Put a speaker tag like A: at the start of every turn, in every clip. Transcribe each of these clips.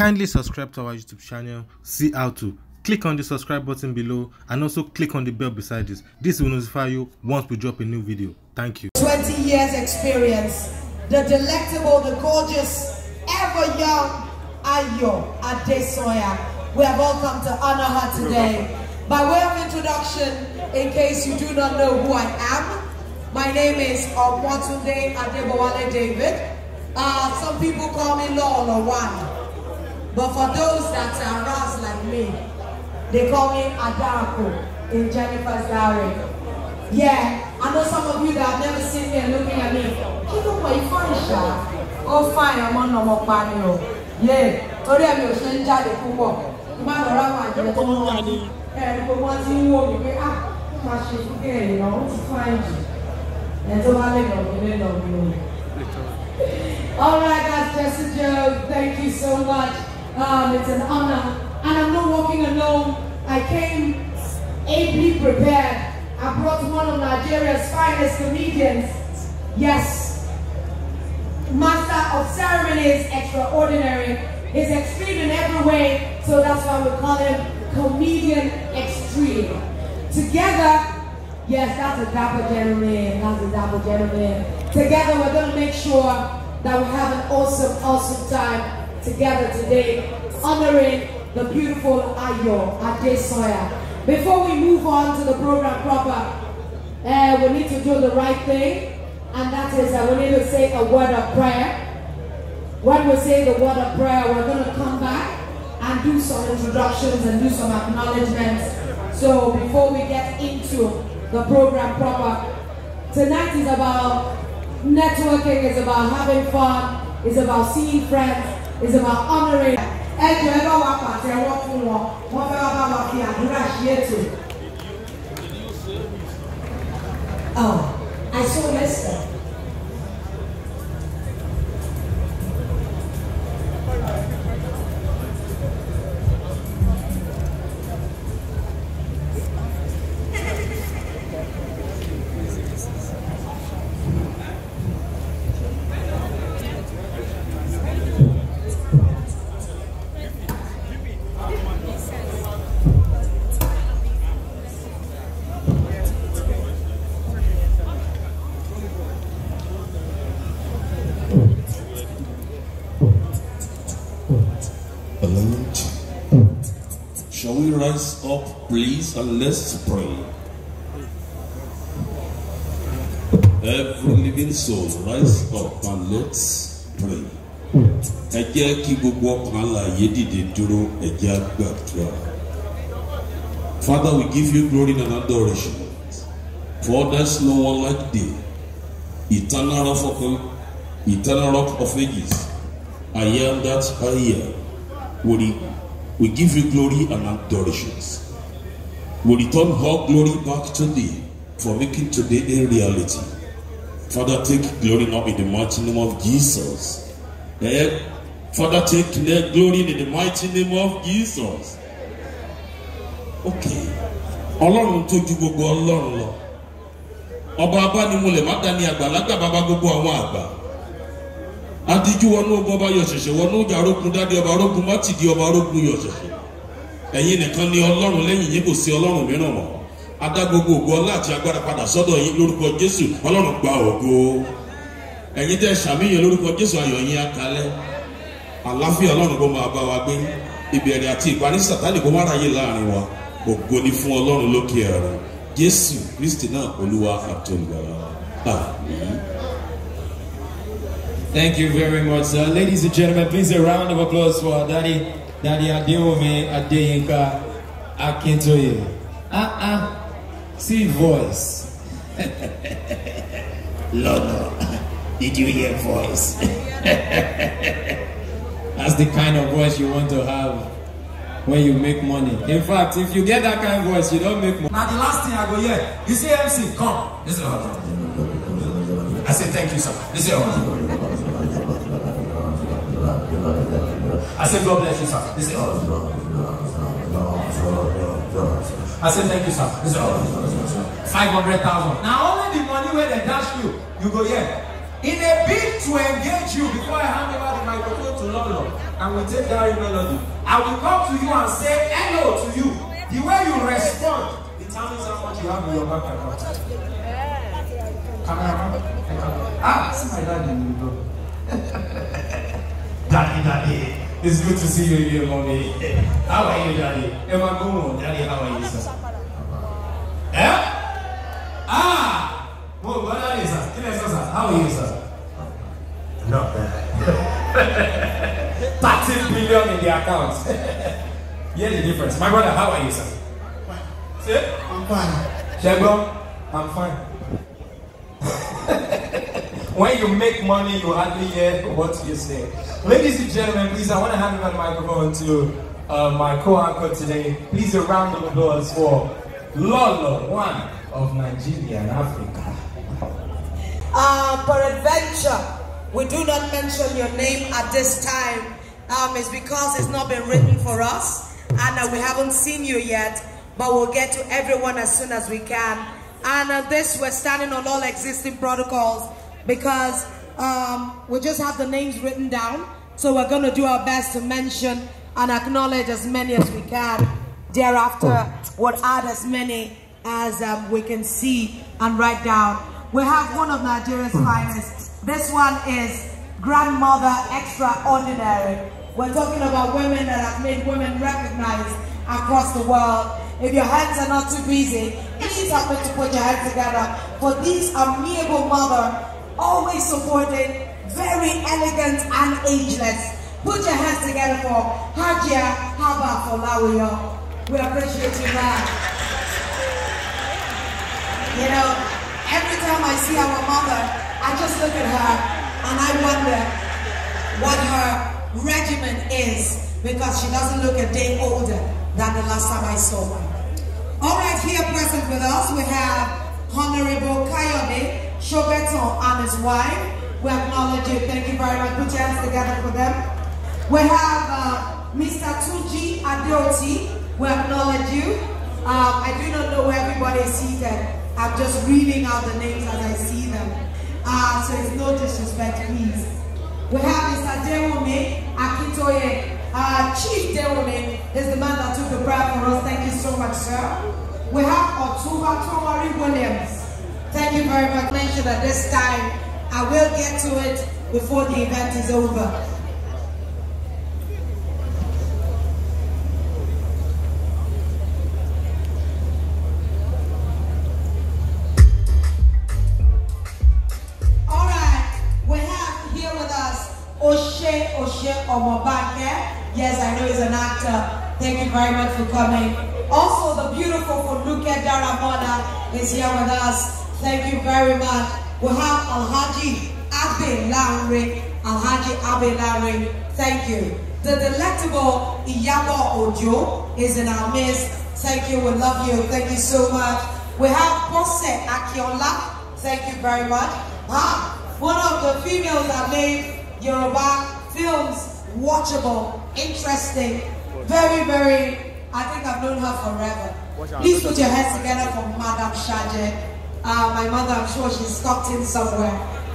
A: Kindly subscribe to our YouTube channel, see how to. Click on the subscribe button below and also click on the bell beside this. This will notify you once we drop a new video. Thank you. 20
B: years experience, the delectable, the gorgeous, ever young Ayo Adesoya. We have all come to honor her today. By way of introduction, in case you do not know who I am, my name is Omotunde Adebowale David. Uh, some people call me Lolo One. But for those that are aroused like me, they call me Adarako in Jennifer's Diary. Yeah, I know some of you that have never seen me and looking at me. Kí ló mọ̀ yí fine ṣá? Ó fine I'm on no more ni o. Yé torí ẹ̀mí ò ṣe ń jáde púpọ̀. Má lọ rá wà jẹ́ tó wọ́n ti ẹ̀rí pé wọ́n ti ah máa ṣe fún kẹ́hìn náà ó ti fine jù. Ẹ All right, guys, Jesse Joe, thank you so much. Um, it's an honor. And I'm not walking alone. I came ably prepared. I brought one of Nigeria's finest comedians. Yes. Master of ceremonies, extraordinary. He's extreme in every way, so that's why we call him Comedian Extreme. Together, yes, that's a dapper gentleman. That's a dapper gentleman. Together, we're going to make sure that we have an awesome, awesome time together today honoring the beautiful Ayo Adesoya. Before we move on to the program proper, uh, we need to do the right thing, and that is that we need to say a word of prayer. When we say the word of prayer, we're going to come back and do some introductions and do some acknowledgements. So before we get into the program proper, tonight is about networking, it's about having fun, it's about seeing friends, is about honoring. ẹ jọ ẹ bá wa pàtẹ́wọ́ fún wọn wọ́n fẹ́ wá bá wa fi àdúrà sí ètò. Oh, I saw Lester.
A: please, and let's pray. Every living soul, rise up and let's pray. Ẹ jẹ́ kí gbogbo ọkàn àlàyé dìde dúró ẹ jẹ́ àgbàdúrà. Father, we give you glory and adoration. For there's no one like thee, eternal rock of, eternal rock of ages. I am that I am. We, we give you glory and adoration. We return all glory back to thee for making today a reality. Father, take glory now in the mighty name of Jesus. Eh? Father, take glory in the mighty name of Jesus. Okay. Ọlọ́run tó ju gbogbo ọlọ́run lọ. Ọba abánimúlẹ̀ má dání àgbàlagbà bàbá gbogbo àwọn àgbà. Adíjú wọnú ogun ọba yọ̀ṣẹ̀ṣẹ̀ wọnú ìjà orógun dádé ọba orógun má tìdí ọba orógun yọ̀ṣẹ̀ṣẹ̀ ẹ̀yin nìkan ni ọlọ́run lẹ́yìn yín kò sí ọlọ́run mìíràn mọ́ adá gbogbo ògo ọlá àti agbára padà sọ́dọ̀ yín lórúkọ jésù ọlọ́run gba ògo ẹ̀yin tẹ́ ṣàmìyàn lórúkọ jésù ayọ̀ yín akalẹ́ àláfíà ọlọ́run kó máa bá wa gbé ìbẹ̀rẹ̀ àti ìparí sàtánì kó má ráyè láàrin wa ògo ni fún ọlọ́run lókè
C: ẹ̀rọ jésù kristi náà olúwa àtọ̀gbà àmín. Thank you very much, sir. Ladies and gentlemen, please a round of applause for Daddy, Daddy Adewome Adeyinka Akintoye. Ah, ah, see voice. Lord, did you hear voice? That's the kind of voice you want to have when you make money. In fact, if you get that kind of voice, you don't make money. Now the last thing I go here. you see, MC, come. This is I say thank you, sir. This is I said, God bless you, sir. They said, oh, I said, thank you, sir. They said, oh, 500,000. Now, only the money where they dash you, you go, yeah. In a bid to engage you before I hand over the microphone to London and we take that melody, I will come to you and say hello to you. The way you respond determines how much you have in your bank account. Camera, ah, see my dad in the door. Daddy, Daddy. It's good to see you here, mommy. How are you, Daddy? Am I going? Daddy, how are you, sir? Yeah? Ah! Well, what are you, sir? How are you, sir? Not bad. 13 billion in the account. Here's the difference. My brother, how are you, sir? I'm fine. Shego, I'm fine. When you make money, you hardly hear what you say. Ladies and gentlemen, please, I want to hand over the microphone to uh, my co-anchor today. Please, a round of applause for Lolo, one of Nigeria and Africa.
B: Uh, peradventure, we do not mention your name at this time. Um, it's because it's not been written for us and uh, we haven't seen you yet, but we'll get to everyone as soon as we can. And uh, this, we're standing on all existing protocols because um, we just have the names written down. So we're going to do our best to mention and acknowledge as many as we can. Thereafter, oh. we'll add as many as um, we can see and write down. We have one of Nigeria's hmm. finest. This one is Grandmother Extraordinary. We're talking about women that have made women recognized across the world. If your hands are not too busy, please help me to put your hands together. For these amiable mother always supported, very elegant and ageless. Put your hands together for Hajia Haba Folawiyo. We appreciate you, ma'am. You know, every time I see our mother, I just look at her and I wonder what her regimen is because she doesn't look a day older than the last time I saw her. All right, here present with us, we have Honorable Kayobe, Shogaton and his wife. We acknowledge you. Thank you very much. Put your hands together for them. We have uh, Mr. Tuji Adeoti. We acknowledge you. Um, I do not know where everybody is seated. I'm just reading out the names as I see them. Uh, so it's no disrespect, please. We have Mr. Dewome Akintoye. Uh, Chief Dewome is the man that took the prayer for us. Thank you so much, sir. We have Otuba Tomari Williams. Thank you very much. Mention at this time, I will get to it before the event is over. All right, we have here with us Oshe Oshe Yes, I know he's an actor. Thank you very much for coming. Also, the beautiful Funuke Daramona is here with us. Thank you very much. We have Alhaji Abe Lowry. Alhaji Abe Lowry, thank you. The delectable Iyabo Ojo is in our midst. Thank you, we love you. Thank you so much. We have Bose Akiola. Thank you very much. Ah, one of the females that made Yoruba films watchable, interesting, very, very, I think I've known her forever. Please put your hands together for Madam Shaje. Uh, my mother, I'm sure she's stopped in somewhere.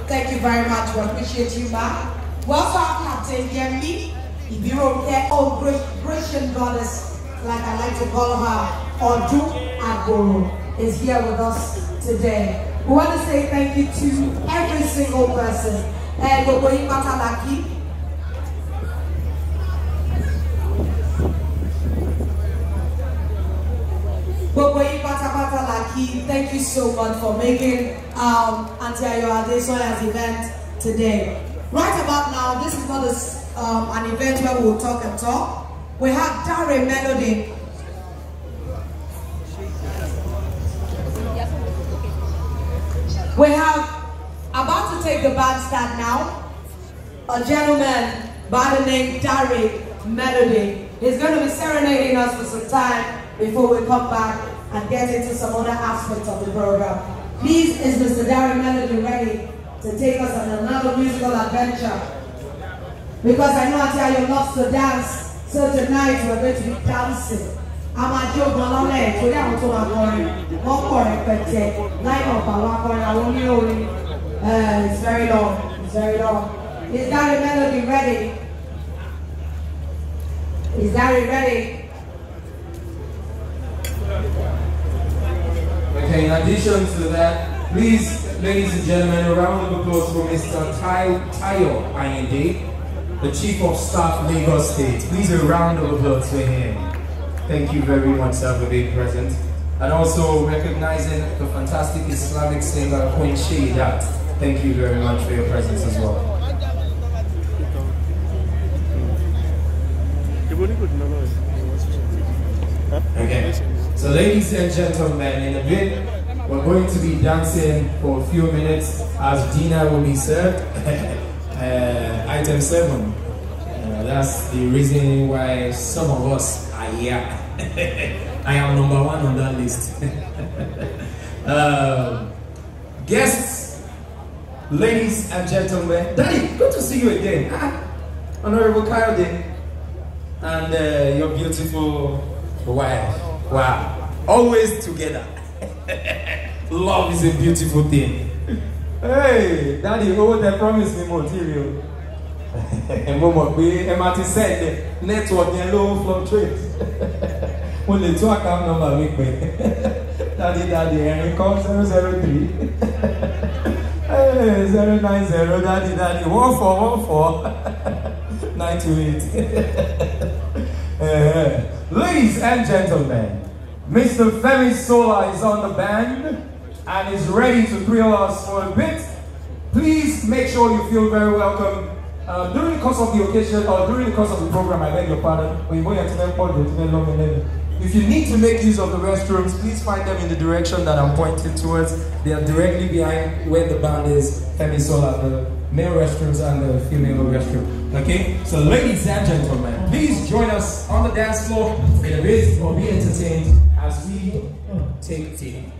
B: Thank you very much. We appreciate you, ma. Welcome, Captain Yemi. Ibiroke, oh great goddess, like I like to call her, Odu Agoro, is here with us today. We want to say thank you to every single person. And we Matalaki, Aki, thank you so much for making um, Auntie Ayo Adesoya's event today. Right about now, this is not a, um, an event where we'll talk and talk. We have Dare Melody. We have, about to take the bandstand now, a gentleman by the name Dare Melody. He's going to be serenading us for some time before we come back and get into some other aspects of the program. Please, is Mr. Darren Melody ready to take us on another musical adventure? Because I know you love to dance, so tonight we're going to be dancing. Amadio today I àwọn tó máa kọrin, wọ́n kọ̀ rẹpẹtẹ, line up àwọn akọrin, àwọn oníròyìn. It's very long, it's very long. Is Darren Melody ready? Is Darren ready?
C: Okay, in addition to that, please, ladies and gentlemen, a round of applause for Mr. Ty Tayo the Chief of Staff, Lagos State. Please, a round of applause for him. Thank you very much, sir, for being present. And also recognizing the fantastic Islamic singer, Queen Sheidat. Thank you very much for your presence as well. Okay. So ladies and gentlemen, in a bit, we're going to be dancing for a few minutes as dinner will be served. uh, item 7. Uh, that's the reason why some of us are here. I am number one on that list. uh, guests, ladies and gentlemen, Daddy, good to see you again. Ah, Honorable Coyote and uh, your beautiful wife. Wow. Always together. Love is a beautiful thing. Hey, daddy, owó tẹ promise mi mo ti rí MRT Mo mọ̀ pé ẹ máa ti send network yẹn ló ń fluctuate. Mo lè account number we pay. Daddy daddy ẹ̀rín kọ́ zero zero three. Zero nine zero daddy daddy one four one four nine two eight. Ladies and gentlemen, Mr. Femi Sola is on the band and is ready to grill us for a bit. Please make sure you feel very welcome. Uh, during the course of the occasion or during the course of the program, I beg your pardon, if you need to make use of the restrooms, please find them in the direction that I'm pointing towards. They are directly behind where the band is, Femi Sola, the male restrooms and the female restroom. Okay? So, ladies and gentlemen, please join us on the dance floor. It is for be entertained as we take tea.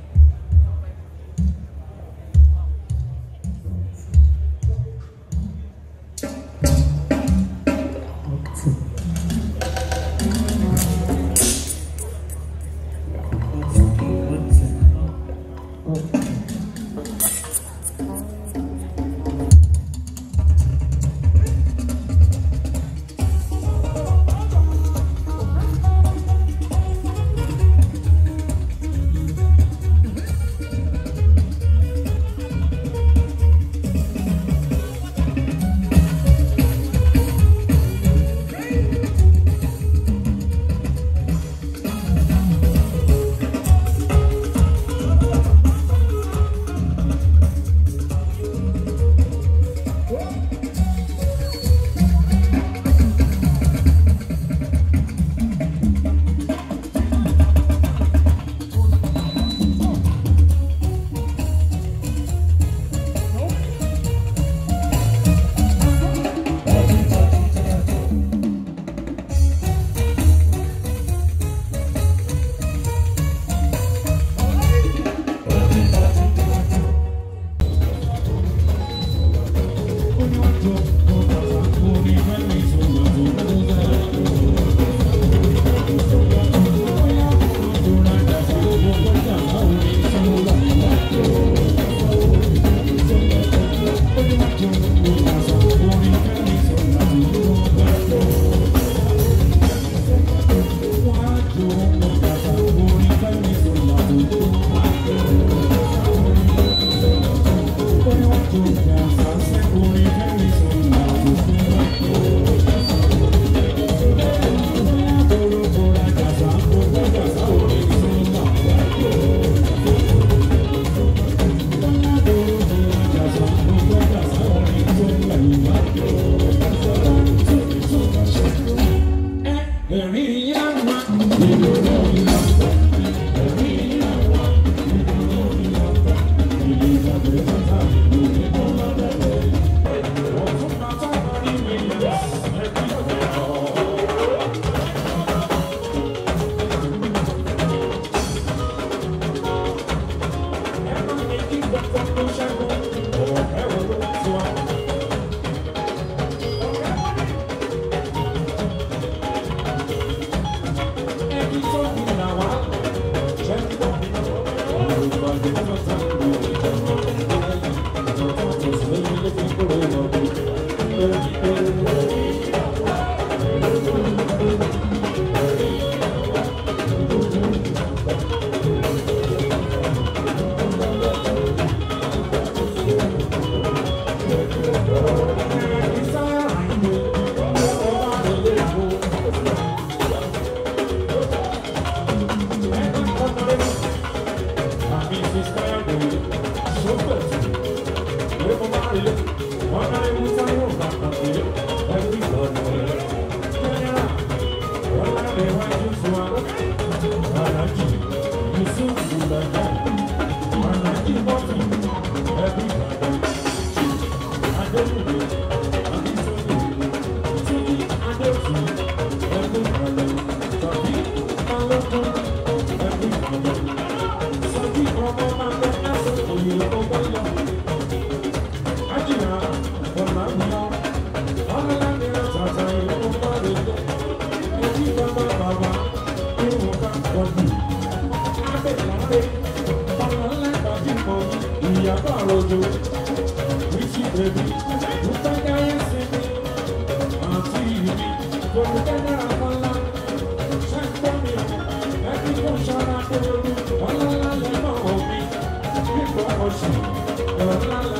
A: Thank you.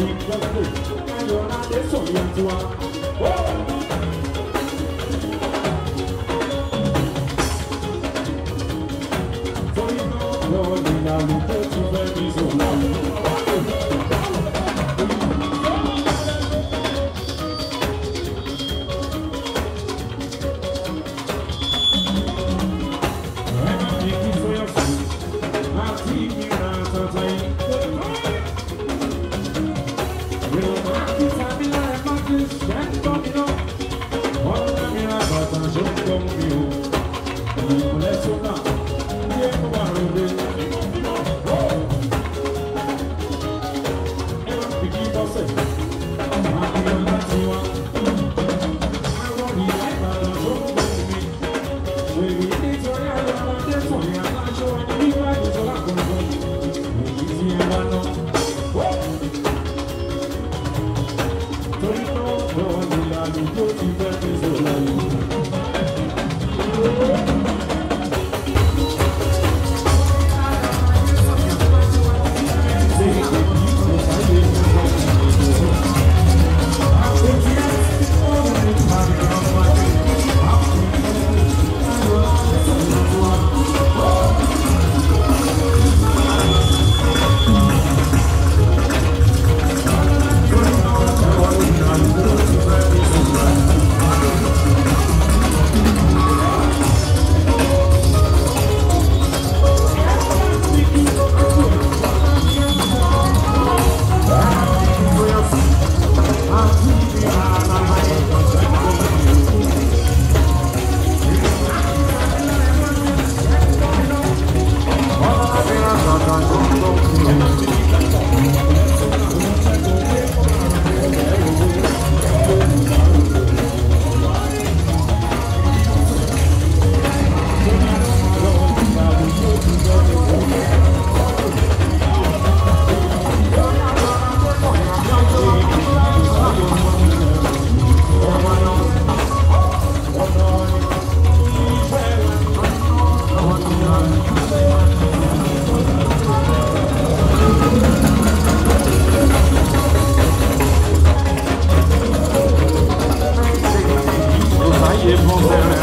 A: Oh. Fui pieds